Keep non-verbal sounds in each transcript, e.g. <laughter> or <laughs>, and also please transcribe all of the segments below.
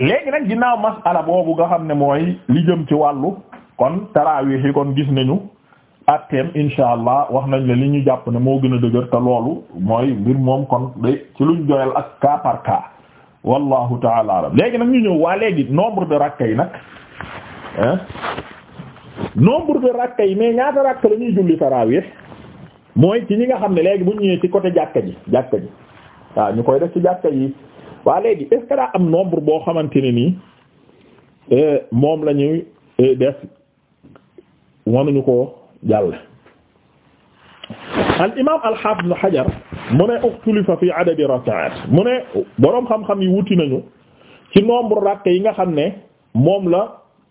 léegi nag ginnaaw masala boobu nga xam ne mooy li jëm ci wàllu kon taraawix yi kon gis nañu atteem insha allah wax nañ ne li ñu jàpp ne moo gën a dëgër te loolu mooy mbir moom kon day ci luñ doyal ak cas par cas wallahu taala léegi nag ñu ñëw waa léegi nombre de rakka yi nag nombre de rakka yi mais ñaata rakka la julli taraawix mooy ci ñi nga xam ne léegi mu ñëwee ci côté jàkka ji jàkka ji waaw ñu koy def ci jàkka yi waa léegi est-ce daa am nombre boo xamante ne nii euh, moom la ñuy euh, def wanuñu ko jàll al imam al hafiz ibn hajar mu ne uxtulifa fi adadi rak'at mu ne boroom xam-xam yi wuti nañu ci nombre rakk yi nga xam ne moom la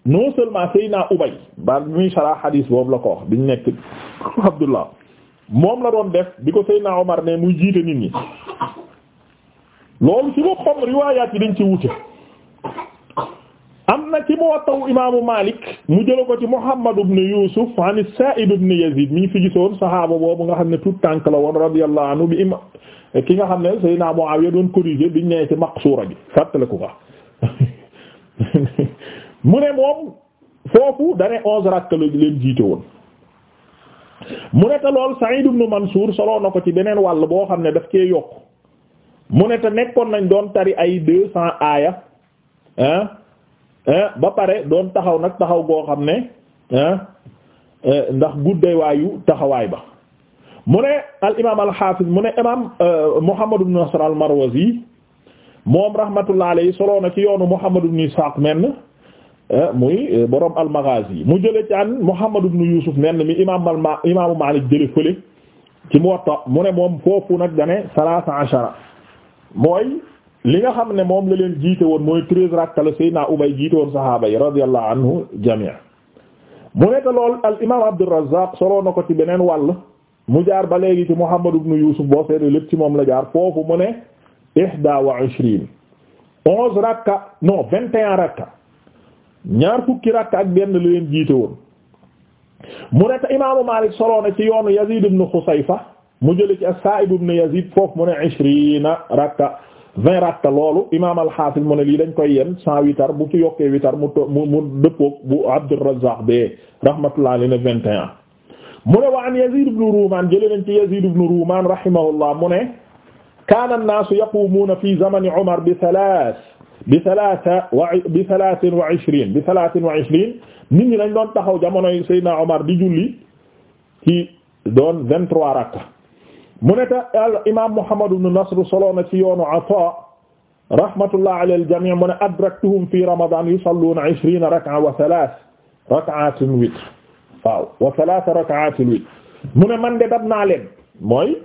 non seulement Seyna Ubay ba muy sara hadis boobu la ko wax biñ nekk Abdullah moom la doon def bi ko Seyna Omar ne muy jiite nit ñi loolu ci bopp xam riwaayaat yi dañ ci wute am na ci Muwatta imaamu Malik mu jëla ko ci Muhammad ibn Yusuf an Sa'ib ibn Yazid mi ñu fi gisoon saxaaba boobu nga xam ne tout tànk la woon radiyallahu anhu bi ima ki nga xam ne Seydina Muawiya doon corriger biñ nee ci maqsuura bi fàttaliku ko <laughs> mu ne moom foofu dane onze rakk la leen jiite woon mu ne te lool Sa'id ibn Mansuur soloo na ko ci beneen wàll boo xam ne daf cee yokk mu ne te nekkoon nañ doon tari ay deux cent aaya ba pare doon taxaw nag taxaw goo xam ne ah ndax gudday waayu taxawaay ba mu ne al imaam al xaafis mu ne imaam euh, Muhammad ibn Nasr al Marwazi moom rahmatullah alayhi soloo na ci yoonu Muhammad ibn Ishaq menn muy euh, borom al Maghazi mu jële ci an Muhammad ibn Yusuf menn mi imaam al imaamu Maalik jële fële ci Muwatta mu ne moom foofu nag dane salaasa ashara mooy li nga xam ne moom la leen jiite woon mooy treize rakka la Seydina Ubay jiite woon saxaaba yi radiyallahu anhu jamii mu nekk lool al imaam Abdurrazzaq soloo na ko ci beneen wàll mu jaar ba léegi ci Muhammad ibn Yusuf boo seetee lépp ci moom la jaar foofu mu ne ihda wa ishrin onze rakka non vingt et rakka ñaar fukki rakka ak benn la leen jiite woon mu nekk imaamu Maalik soloo na ci yoonu Yazid ibn Xusayfa mu jële ci as-Sa'ib ibn Yazid foofu mu ne ishrina rakka vingt rakka loolu imaam al-Hafiz mu ne lii dañ koy yen cent witar bu ci yokkee witar mu to mu mu dëppoog bu Abdurrazzaq bee rahmatullah alayhi ne vingt et un mu ne wa an Yazid ibn Ruman jële nañ ci Yazid ibn Ruman rahimahullah mu ne kaana an-naasu yaqumuuna fi zamani Umar bi thalath bi thalatha wa bi thalathin wa ishrine bi thalathin wa ishrine nit ñi dañ doon taxaw jamonoy Seydina Omar di julli ci doon vingt-trois rakka mu ne ta al imaam Muhammad na Nasr solo na ci yoonu Ataa rahmatullah ala al-jamii' mu ne adraktuhum fi Ramadan yusalluuna ishriina rak'a wa rak'aatin witr waaw man de dab naa leen mooy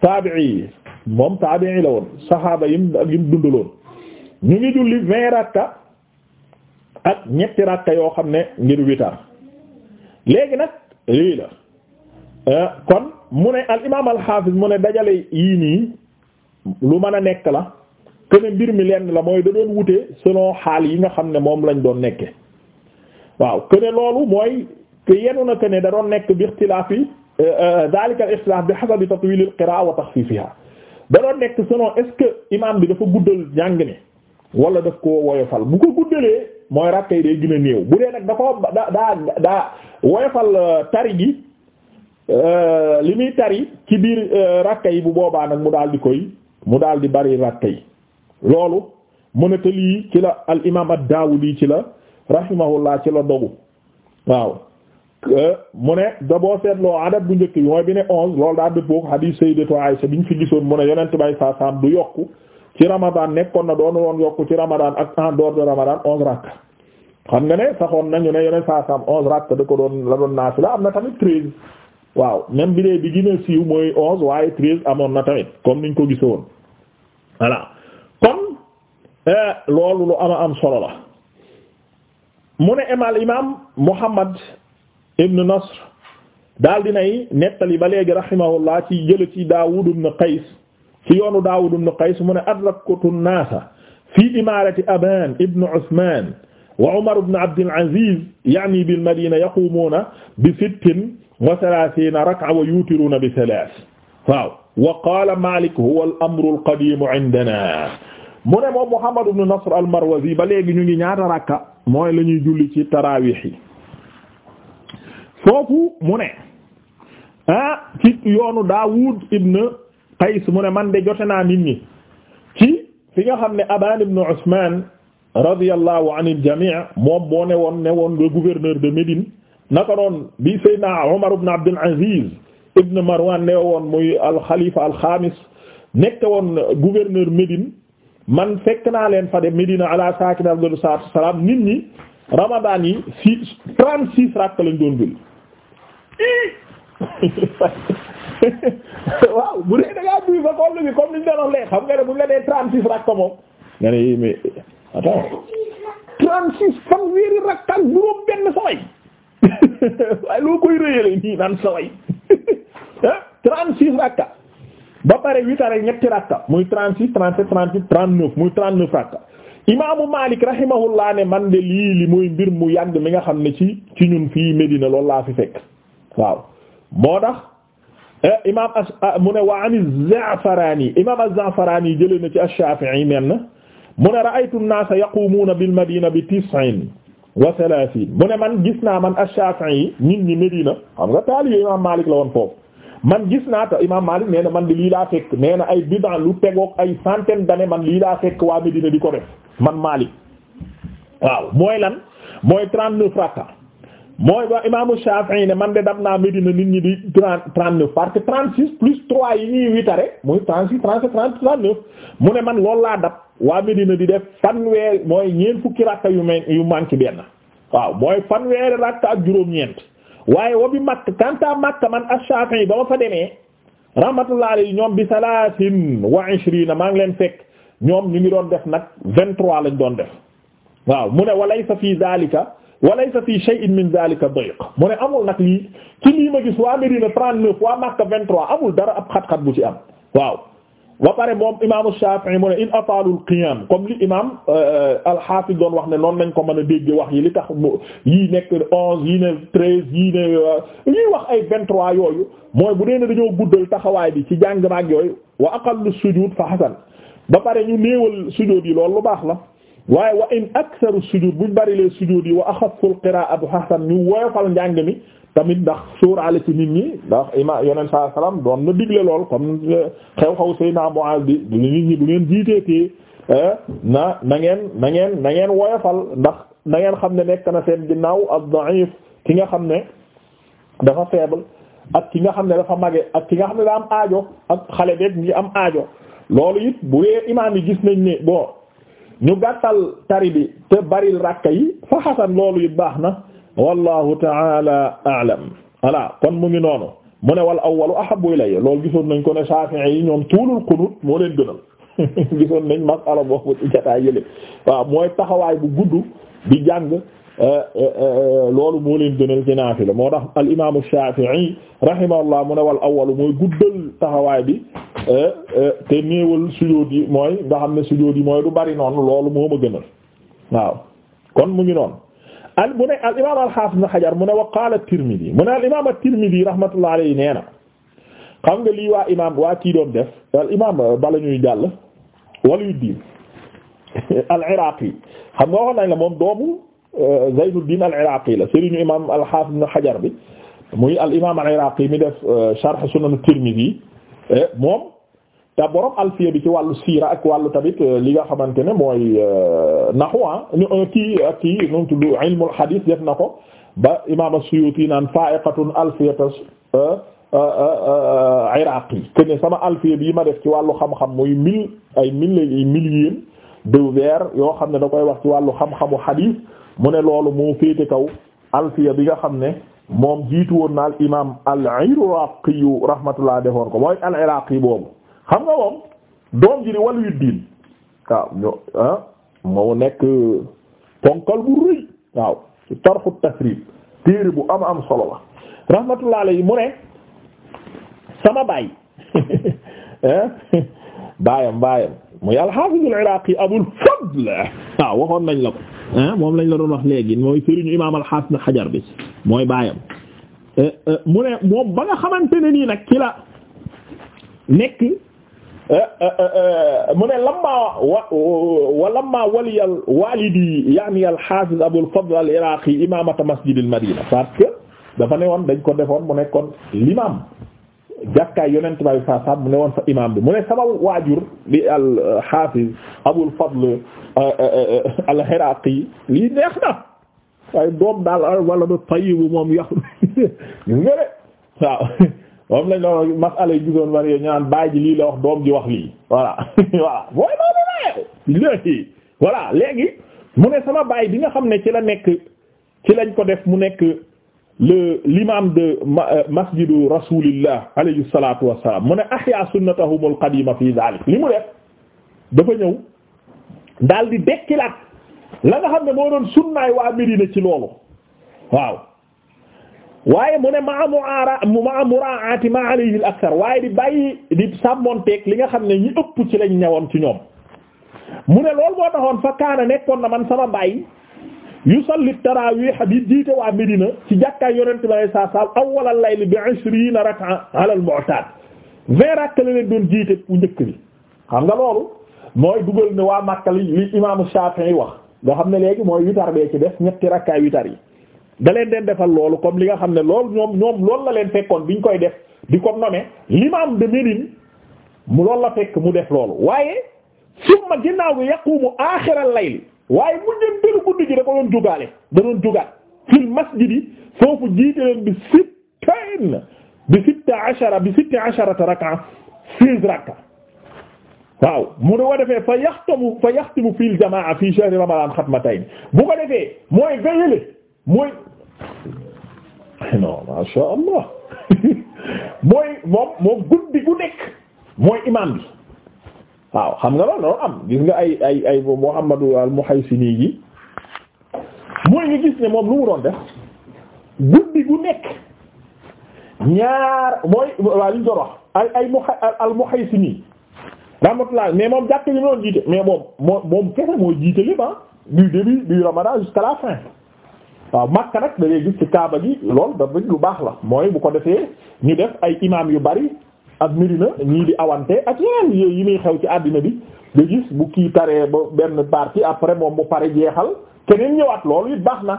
taabi'i yi moom taabi'i la woon saxaaba yi ak yim dundaloon ñu ngi julli vingt rakka ak ñetti rakka yoo xam ne ngir witar léegi nag lii eh, kon. mu ne al imaam al xaafis mu ne dajale yii nii lu mën a nekk la que ne mbir mi lenn la mooy da doon wute selon xaal yi nga xam ne moom lañ doon nekke waaw que loolu mooy que yenu na que da doon nekk bi ixtilaafi euh, euh, daalika al ixtilaaf bi hasabi tatwiil al qiraa wa taxfiifihaa da doon nekk selon est-ce imaam bi dafa guddal jàng ne wala daf koo woyofal bu ko guddalee mooy rakkay day gën a néew bu dee nag da daa daa woyofal euh, tari gi. Euh, li muy tari ci biir euh, rakka yi bu boobaa nag mu daal di koy mu daal di bari rakka yi loolu mu ne te lii ci la al imaam ad-Daawudi ci la rahimahullah ci la dogu waaw euh, mu ne da boo seetloo adab bu njëkk bi mooy bi ne onze loolu daa dëppoo hadith sayyidatu Aisha bi ñu fi gisoon mu ne yonent bay saa saam du yokk ci ramadan nekkoon na doon woon yokku ci ramadan ak en dehors de ramadan onze rakk xam nga ne saxoon nañu ne yonent saa saam onze rakk da ko doon la doon am na tamit waaw même bi dee bi gën a siiw mooy onze waaye treize amoon na tamit comme niñ ko gise woon voilà eh, lu ama am solo la mu ne imaal imaam Muhammad ibn Nasr daal dinay nettali ba léegi rahimahullah ci jële ci Daawud ibn Qays ci yoonu Daawud ibn Qays mu ne adraktu an-naasa fi imaarati Abaan ibn Usmaan wa Umar ibn Abd al-Aziz ya'ni bil Madiina yaquumuuna bi sittin wa thalathina rak'a wa yutiruna bi thalath waaw wa qala Malik huwa al-amru al-qadim 'indana mu Muhammad ibn Nasr al-Marwazi ba léegi ñu ngi ñaata rakka mooy la ñuy julli ci tarawih yi foofu mu ne ah ci yoonu Daawud ibn Qays mu man de jote na nit ci fi nga xam ne Abaan ibn Usman radiyallahu anil jami' moom moo ne woon ne de Médine naka noon bi Seydina Omar ibn Abdul Aziz ibn Marwan ne woon muy alxalifa alxamis nekk woon gouverneur Médine man fekk naa leen fa de Médine ala saakina abdul salaam nit ñi ramadaan yi six trente rakk lañ doon julli <laughs> waaw bu dee da ngaa fa comme bi comme ni ñu doon wax xam nga ne bu ñu la dee trente rakk moom nga ne mais attends trente six fan weeri koy rëyale nii naan saway <laughs> trente-six rakka ba pare huit are ñetti rakka muy trente-six trente-sept trente-huit trente-neuf muy trente-neuf rakka imaamu Malik rahimahullah ne man de lii li muy mbir mu yàgg mi nga xam ne ci ci ñun fii Medina loolu laa fi fekk waaw moo tax eh, imaam as ah, mu ne wa ani Za'farani imaam az-Za'farani jëlee na ci ash-Shafi'i men mu ne ra'aytu an-nasa yaqumuna bil madina bi tis'in wa salaasiin mu ne man gis naa man a ash-Shafi'i nit ñi Medina xam nga taalibe imaam Maalik la woon foofu man gis naa te imaam Maalik nee na man di lii laa fekk nee na ay bid'a lu tegook ay centaine d'années man lii laa fekk waa Medina di ko def man Maalik waaw mooy lan mooy trent neuf rakka mooy ba imaamu Shafi'i ne man de dab naa Medina nit ñi di trente trente-neuf parce que trente-six plus trois yi ñuy witare muy trente-six trente-sept trente-neuf mu ne man loolu laa dab waa Medina di def fanweer mooy ñeent fukki rakka yu mel yu manqué benn waaw mooy weer rakka ak juróom-ñeent waaye wa bi Makka kanta Makka man ash-Shafi'i ba ma fa demee rahmatullahi alayhi ñoom bi salaasin wa ishrina maa ngi leen fekk ñoom ñu ngi doon def nag vingt-trois lañ doon def waaw mu ne walaysa fi zalika walaysa fi shay'in min zalika dayq mu ne amul nag lii ci lii ma gis waa Medina trente-neuf waa Makka vingt-trois amul dara ab xat-xat bu ci am waaw ba pare moom imaamu Shafi'i mu ne in ataalul qiyam comme li imaam euh, al-Hafiz doon wax ne noon lañ ko mën a dégg wax yi li tax yii nekk onze yii ne treize yii ne euh, ñuy wax ay vingt yooyu mooy bu dee ne dañoo guddal taxawaay bi ci jàng maag yooyu wa aqallu sujud fa hasan ba pare ñu néewal sujud yi loolu lu baax la waaye wa in aktharu sujud buñ bërilee sujud yi wa axaful qiraa bu xasan ñu woyofal njàng mi tamit ndax suuraale ci nit ñi ndax ima yonent saa salaam doon na digle lool comme eh, xew-xew Seydina Muaaz bi nit ñi bu ngeen jiiteetee eh, na na ngeen na ngeen woyofal ndax nangeen xam ne nekk na seen ginnaaw ad-da'if ki nga xam ne dafa faible ak ki nga xam ne dafa mage ak ki nga xam ne daa am aajo ak xale beeg ngi am aajo loolu it bu dee imaam yi gis nañ ne bon. ñu gàttal tari bi te bari rakka yi fa xasan loolu it baax na wallahu taala aalam voilà kon mu ngi noonu mu ne wal awwalu ahabbu ilayya loolu gisoon nañ ko ne Shafi'i yi ñoom tuulul qunut moo leen gënal <laughs> gisoon nañ masala boobu ci jotaay yële waaw mooy taxawaay bu gudd di jàng Euh, euh, euh, loolu moo leen gënal ci naafila moo tax al imaamu Shaafi'i rahimahullah mu ne bi te néewal sujóot yi mooy nga xam ne yi mooy du bari noonu loolu moo ma gënal waaw kon mu ngi noonu al mu ne al imaam al-Haafiz Ibn Hajar mu ne wa qaala at-Tirmidhi mu ne na xam nga lii waa imaam waa kii doon def al imaam bala ñuy jàll Waliyuddin <laughs> al-Iraqi xam nga la moom doomu. Zaynuddin al-Iraqi la sëriñu imaam al-Hafiz ibn Hajar bi muy al imaam al-Iraqi mi def euh, sharh Sunan Tirmidhi e, moom te borom alfiya bi ci wàllu siira ak wàllu tamit euh, li nga xamante ne mooy euh, naxwa ah, ñu kii ak kii nu mu tudd ilmul hadith def na ko ba imaam as-Suyuti naan fa'iqatun alfiyatu iraqi que ne sama alfiya bi ma def ci wàllu xam-xam muy mille ay mille ay milliers deux vers yoo xam ne da koy wax ci wàllu xam-xamu xadiis mu ne loolu moo féete kaw alfiya bi nga xam ne moom jiitu woon na al imaam al iraqi rahmatullah defoon ko mooy al yi boobu xam nga moom doom ji di wàllu yu diin waaw ño ah moo nekk ponkal bu rëy waaw ci tarxu téere bu am am solo la rahmatullah alayhi mu ne sama baay <laughs> eh, baayam baayam muy al-Haafizul Iraaqi Abul Fadl waaw waxoon nañ la ko ah, moom lañ la doon wax léegi mooy sëriñu imaam al-Haafiz Hajar bi mooy baayam eh, eh, mu ne moom ba nga xamante ne nii nag ci la nekk eh, mu ne lamma wa wa lamma waliyal walidi yaani al-Haafiz Abul Fadl al-Iraaqi imaamata masjidil Madina parce que dafa ne woon dañ ko defoon mu nekkoon l'imam jàkkaay yonent bi sallallahu alayhi mu ne woon fa imam bi mu ne sama waajur bi al-Hafiz Abul Fadl euh, euh, euh, al-Iraqi lii neex na waaye doom daal wala ba tayyibu moom yàqu gis nga de waaw moom lañ la wax masala yi gisoon war yooyu ñaan bàyyi ji lii la wax doom ji wax lii voilà <laughs> voilà mooy moom la léegi voilà léegi mu ne sama baay bi nga xam ne ci la nekk ci lañ ko def mu nekk le l'imam de euh, masjidu rasulillah alayhi salatu wassalam mu ne ahya sunnatahum alqadima fi dalik li mu def dafa ñëw daal di dekkilaat la nga xam ne moo doon sunnaay waa Medina ci loolu waaw waaye mu ne maa muara maa muraati ma alayhi al waaye di bàyyi di sàmmonteeg li nga xam ne ñi ëpp ci lañ ñëwoon ci ñoom mu ne loolu moo taxoon fa kaana nekkoon na man sama bàyyi yu salli tarawih di jiite waa Medina ci jàkkaay yonent bi alayhi salaam awwalal layl bi ishrina na ala al-mu'tad vingt rak'a la leen doon jiite bu njëkk bi xam nga loolu mooy dugal ne waa Makka li li imaamu Shafi'i wax nga xam ne léegi mooy witar bee ci def ñetti rakkaay witar yi da leen defal loolu comme li nga xam ne loolu ñoom ñoom lool la leen fekkoon ñu koy def di ko nommé l'imam de Médine mu loolu la fekk mu def loolu waaye summa ginnaaw bi yaqumu aaxiral layl waaye mujjanteelu guddi gi da ko doon jógaale da doon jógaat fil masjidi foofu jiite leen bi sittin bi sitta ashara bi sitti asharata rak'a seize rak'a waaw mu ne ko defee fa yaxtamu fa yaxtimu jamaa fi shahri ramadan xatmatayn bu ko defee mooy veillé mooy ma sha Allah <laughs> mooy moom guddi gu mooy imam bi waaw xam nga loolu am gis nga ay ay ay Muhammadu al-Muhaysini gi mooy ngi gis ni moom lu mu doon def guddi gu nekk ñaar mooy waa ñu doon wax ay ay al-Muhaysini rahmatullah mais moom jàkk li mu doon jiite mais moom moom moom kese mooy jiite lépp ah du début du Ramadan jusqu'à la fin waaw Makka nag da gis ci Kaaba gi loolu dafa lu baax la mooy bu ko defee ñu def ay imam yu bari ak Medina ñii di awante ak yeneen yi muy xew ci àddina bi nga gis bu kii taree ba benn partie après moom mu pare jeexal keneen ñëwaat lool it baax na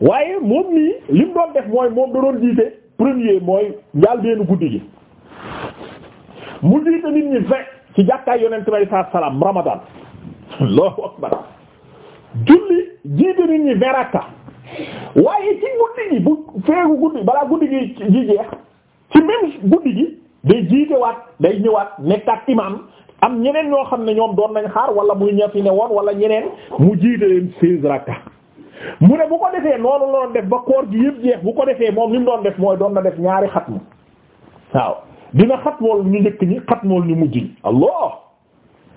waaye moom nii li mu doon def mooy moom da doon jiite premier mooy njaal benn guddi gi mu jiite nit ñi vingt ci jàkkaay yonent bi alayhi salaam ramadan Allahu akbar julli jiite nit ñi vingt rakka waaye ci guddi gi bu feegu guddi balaa guddi gi ji jeex ci même guddi gi day jiitewaat day ñëwaat nekkaat imaam am ñeneen ñoo xam ne ñoom doon nañ xaar wala muy ña fi ne woon wala ñeneen mu jiite leen seize rakka mu ne bu ko defee noonu la doon def ba koor gi yëpp jeex bu ko defee moom li mu doon def mooy doon na def ñaari xatmu waaw dina xatmool ñu njëkk xat mool ñu mu ñi allah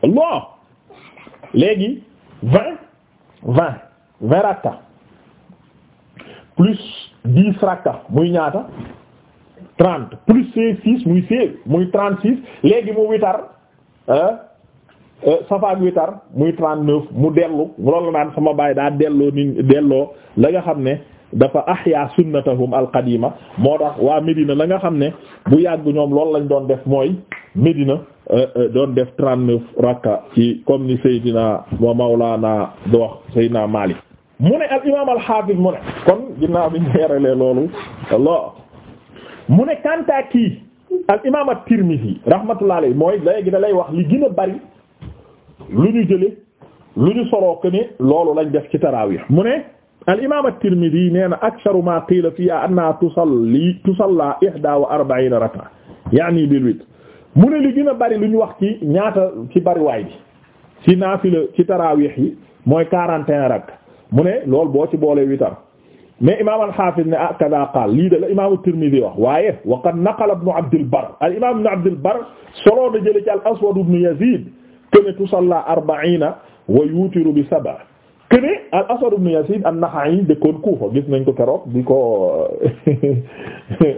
allah léegi vingt vingt vingt rakka plus dix rakka muy ñaata trente plus seize six muy seize muy trente six léegi mu witar euh, safaak witar muy trente neuf mu dellu loolu la naan daa delloo ni la nga xam ne dafa ahya sunnatahum alqadima moo tax waa Médina la nga xam ne bu yàgg ñoom loolu lañ doon def mooy Médina euh, euh, doon def trente neuf rakka ci comme ni Seydina wa Mawlana di wax Seydina Malik mu ne al imaam al mu ne kon ginnaaw bi ñu leeralee loolu Allah mu ne kanta kii al imaam at-Tirmidhi rahmatullah alayhi mooy léegi da lay wax li gën bari lu ñu jële lu ñu soroo que ne loolu lañ def ci tarawih mu ne al imaam at-Tirmidhi nee na aktharu ma qila fiha anna tusalli tusalla ihda wa arba'ina rak'a yaani bil witr mu ne li gën a bari lu ñu wax ci ñaata ci bariwaay bi ci naafila ci tarawih yi mooy 41 rak'a mu ne loolu boo ci boole witar mais imaam al ne ah lii de la imaam at-Tirmidhi wax waaye wa qad naqala ibn Abd al-Barr al-imaam ibn Abd al-Barr solo na jële ci al-Aswad ibn Yazid kene tusalla arba'iina wa yutiru bi sab'a kene al-Aswad ibn Yazid an-Nakha'i dëkkoon Kufa gis nañ ko keroog di ko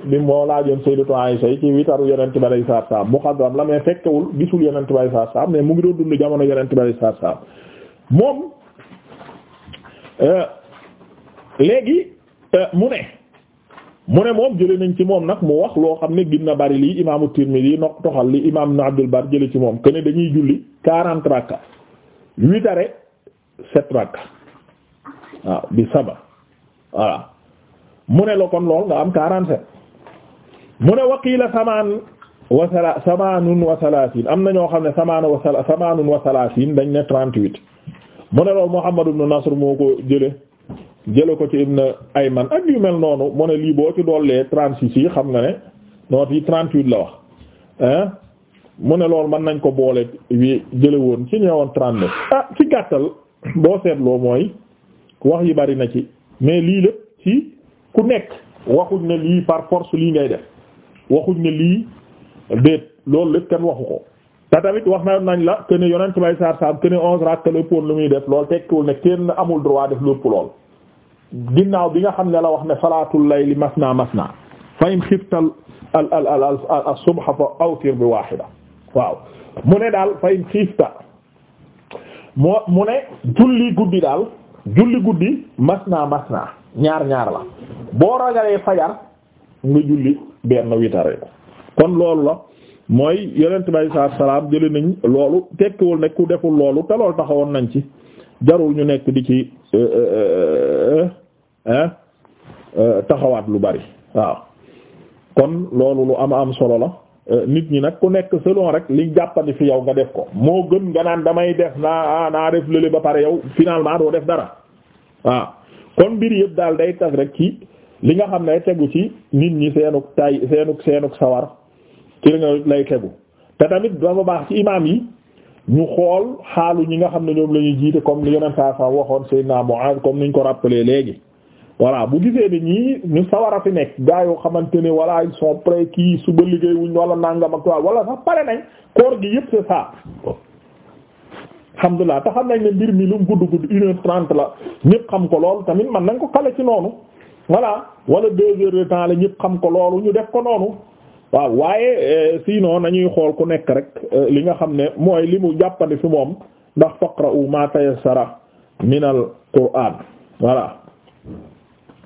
li <laughs> moo laajoon Sayyidatu Aisha ci witaru Yonent bi alayhi salaatu salaam muxadram la mais fekkewul gisul Yonent bi alayhi salaatu salaam mu ngi doon dund jamono Yonent bi alayhi salaatu salaam moom euh, léegi euh, mu ne mu ne moom jëlee nañ ci moom nag mu wax loo xam ne na bari lii imaamu yi no toxal li imaam na Abdul Bar jëlee moom que dañuy julli quarante rakka huit arrêt sept rakka waaw bi saba voilà mu ne la kon lool nga am quarante sept mu ne waqiila samaan wa sala samaanun wa salaasin am na ñoo xam ne samaan wa sala samaanun wa salaasin dañ ne trente huit mu ne loolu Muhammad ibn Nasr moo ko jëlee. jële ko ci ay ayman ak yu mel noonu mu ne lii boo ci dollee trente six yi xam nga ne noot yi trente huit la wax hein mu ne loolu mën nañ ko boole wi jële woon ci ñëwoon trente neuf ah ci gàttal boo seetloo mooy wax yi bari na ci mais lii lépp ci ku nekk waxuñ ne lii par force lii ngay def waxuñ ne lii déet loolu lépp kenn waxu ko te tamit wax na nañ la que ne yonent bay saar saam que ne onze rakka léppoon lu muy def lool tekkiwul ne kenn amul droit def lépp lool ginnaaw bi nga xam ne la wax ne salaatul layli masna masna fa in xifta al al al al subha fa awtir bi wahida waaw mu ne daal fa in xifta mu ne julli guddi daal julli guddi masna masna ñaar ñaar la boo ragalee fajar nga julli benn witare kon loolu la mooy yonent bi saa salaam jëlee nañ loolu tekkiwul ne ku deful loolu te loolu taxawoon nañ ci jarul ñu nekk di ci euh, euh, euh, Euh, taxawaat lu bari waaw kon loolu lu am am solo la euh, nit ñi nag ku nekk selon rek li jàppandi fi yow nga def ko moo gën nga naan damay def naa ah, naa def lële ba pare yow finalement doo def dara waaw kon mbir yëpp daal day tag rek ci li nga xam ne tegu ci nit ñi seenuk tay seenuk seenuk sawar ci nga lay tegu te tamit dafa baax ci imaam yi ñu xool xaalu ñi nga xam ne ñoom la ñuy jiite comme ni yeneen saa saa waxoon Seydina Mu'aaz comme niñ ko rappelé léegi voilà bu gisee ni ñii ñu sawar a fi nekk gaa yoo xamante ni voilà ils kii suba liggéey wuñ wala nangam ak waaw wala sax pare nañ koor gi yëpp c'est ça alhamdulilah te xam nañ ne mbir mi lu gudd gudd une heure la ñëpp xam ko loolu tamit man nañ ko kale ci noonu voilà wala deux heures de temps la ñëpp xam ko loolu ñu def ko noonu waaw waaye euh, sinon nañuy xool ku nekk rek euh, li nga xam ne mooy li mu jàppandi fi moom ndax faqra'u ma tayassara minal qur'an voilà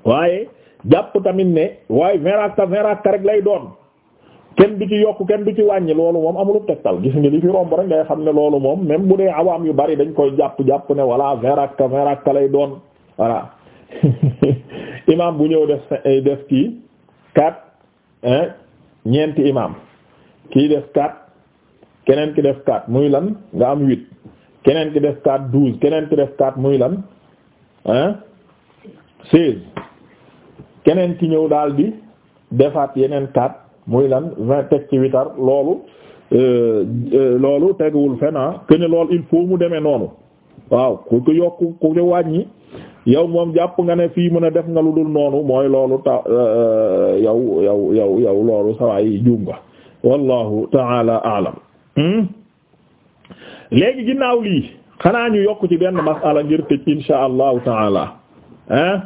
waaye jàpp tamit ne waaye vingt rakka vingt rakka rek lay doon kenn du ci yokk kenn du ci wàññi loolu moom amul tegtal gis nga li fi romb rek ngay xam ne loolu moom même bu dee awaam yu bari dañ koy jàpp jàpp ne voilà vingt rakka vingt rakka lay doon voilà <laughs> imam bu ñëw def eh, def kii quatre ñeenti imam kii def quatre keneen ki def quatre muy lan nga am huit keneen ki def quatre douze keneen ki def quatre muy lan seize keneen ki ñëw daal di defaat yeneen kat muy lan vingt teg ci witar loolu euh, euh, loolu teguwul fena ah, que ne il faut mu demee noonu waaw ku ko yokk ku ko wàññi yow moom jàpp nga ne fii mën a def nga lu dul noonu mooy loolu ta euh, yow yow yow yow loolu sawaay juum nga wallahu taala alam hmm? léegi ginnaaw lii xanaa ñu yokk ci benn masala ngir tëj insha allahu taala ah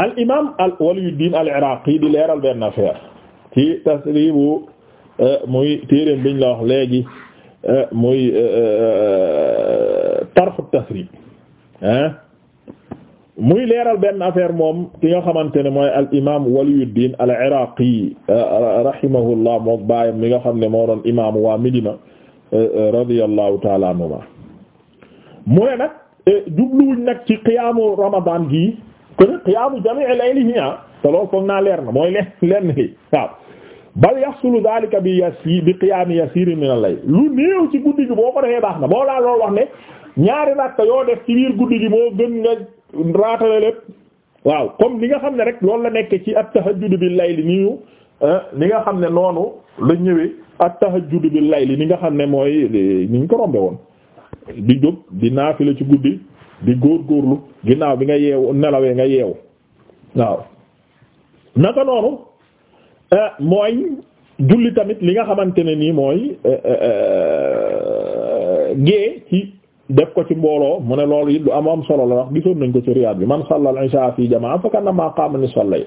al imaam al waliyuddin al iraqi di leeral benn affaire ci tasribu euh, muy téereem biñ la wax léegi euh, muy euh, tarxu tasrib ah muy leeral benn affaire moom ki nga xamante ne mooy al imaam waliyuddin al iraqi rahimahullah moom baayam mi nga xam ne moo doon imaamu waa Medina radiyallahu taala anhuma mu ne nag jubluwuñ nag ci qiyaamu Ramadan gi a qiyaamu jami'i laylihi te loolu foog naa leer na mooy leen lenn li waaw bal yaxsulu daalika bi yasi bi qiyaami yasirin min al-layl lu néew ci guddi gi boo ko defee baax na boo laa loolu wax ne ñaari rakka yoo def ci biir guddi gi moo gën nga raatale lépp waaw comme li nga xam ne rek loolu la nekkee ci at-tahajjud bi lay li ñu ah, ni nga xam ne noonu la ñëwee at-tahajjud lay li ni nga xam ne mooy eh, ni ñu ko rombe woon di jóg di naafila ci guddi góor góorlu ginnaaw bi nga yeewu nelawee nga yeewu waaw naka noonu eh, mooy julli tamit li nga xamante ne nii mooy eh, eh, gée ci def ko ci mbooloo mu ne loolu it lu am solo la wax gisoon nañ ko ci riyaad bi man sallal isha fi jamaa fa kannama qaama ni sallay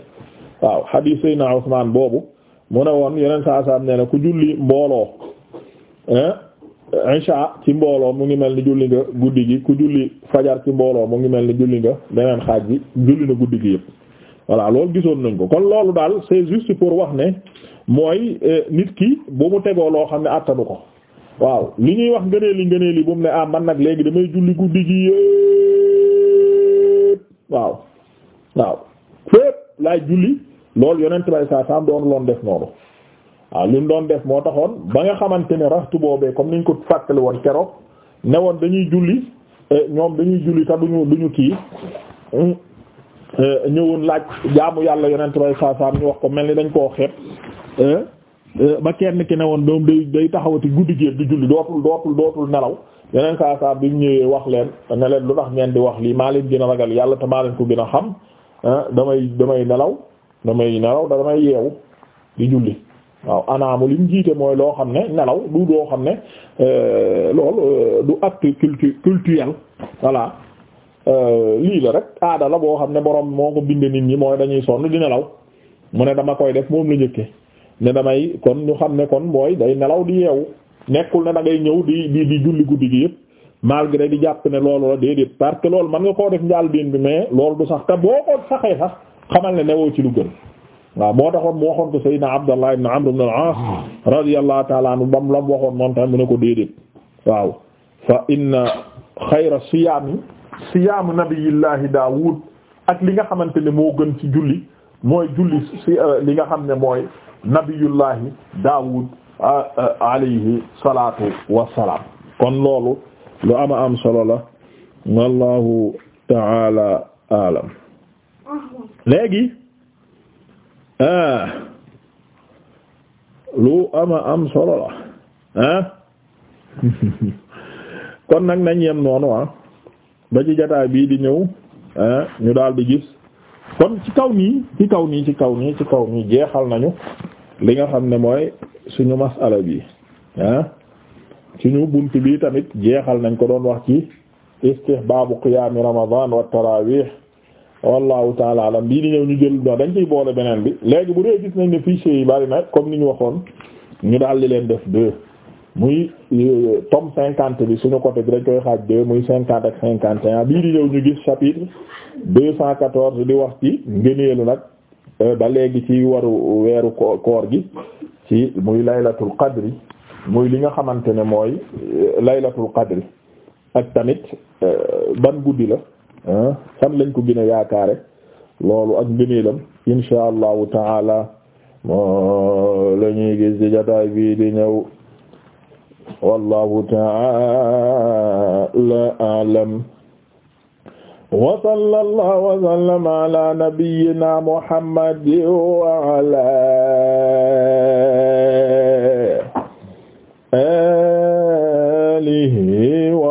waaw hadith sayna Usmaan boobu mu ne woon yeneen saa saa ne ne ku julli mbooloo incha ci mbooloo mu ngi mel ni julli nga guddi gi ku julli fajar ci mbooloo mu ngi mel ni julli nga beneen xaaj bi julli na guddi gi yëpp voilà loolu gisoon nañ ko kon loolu daal c'est pour wax ne mooy euh, nit ki bu mu loo xam ne àttanu ko waaw li ñuy wax ngëneel li ngëneel li bu mu ne ah, man nag léegi damay julli guddi gi yëpp waaw waaw fépp laay julli loolu yonent bay saa saam doon loon def noonu waaw li mu doon def moo taxoon ba nga xamante ne raxtu boobee comme ni ñu ko fàttali woon keroog newoon dañuy julli eh, ñoom dañuy julli te duñu duñu kii eh, ñëwoon laaj jaamu yàlla yonent bay saasaam wax ko mel ni dañ koo xeeb eh, ba kenn ki ne woon doom day taxawati guddi géer di julli dootul dootul dootul nelaw yeneen saasaam bi mu wax leen ne leen lu tax ngeen di wax lii maa leen gën a yàlla te maa leen ko gën a xam damay damay nelaw damay nelaw da damay yeewu di julli waaw anaamu li mu jiite mooy loo xam ne nelaw du doo xam ne euh, loolu euh, du acte cultu culturel voilà euh, lii la rek aada la boo xam ne borom moo ko binde nit ñi mooy dañuy sonn di nelaw mu ne dama koy def moom la njëkke ne damay kon ñu xam ne kon mooy day nelaw di yeewu nekkul ne da ñëw di di di julli guddi gi yëpp malgré di jàpp ne loolu la déedéet parce que loolu mën nga koo def njaal biin bi mais lool du sax te boo ko saxee sax xamal ne newoo ci lu gën waaw moo taxoon mu waxoon ko Seydina Abdallah ibn Amr ibn al-As radiyallahu ta'ala anhu bam lam waxoon noonu tamit mu ne ko déedéet waaw fa inna xayra siyaami siyaamu nabiyillahi ak li nga xamante ne moo gën ci julli mooy julli si li nga xam ne mooy nabiyullahi Daawud alayhi salaatu wassalaam kon loolu lu ama am solo la ta'ala aalam léegi ah lu ama am solo la ah <laughs> kon nag nañ yem noonu ah ba ci jotaay bii di ñëw ah ñu daal di gis kon ci kaw nii ci kaw nii ci kaw nii ci kaw nii jeexal nañu li nga xam ne mooy suñu masala bi ah suñu bunt bii tamit jeexal nañ ko doon wax ci istihbaabu qiyaami ramadan wa tarawih wallahu taala alam bii di ñëw ñu jël dañ ciy boole beneen bi léegi bu dee gis nañ ne fichier yi bari na comme ni ñu waxoon ñu daal di leen def deux muy euh, tome cinquante bi suñu côté di dañ koy xaaj deux muy cinquante ak cinquante et bii di ñëw ñu gis chapitre deux cent quatorze di wax ci ngëneelu nag euh, ba léegi ci waru weeru koor gi ci muy laylatul qadri muy li nga xamante ne mooy euh, laylatul qadri ak tamit ban guddi la fan lañ ko gën a yaakaare loolu ak ngëneelam insha allahu taala moo la ñuy gis di jotaay bii di ñëw wallahu taala a'lam wa sallallahu wa sallama ala nabiyyina muhammad wa ala alihi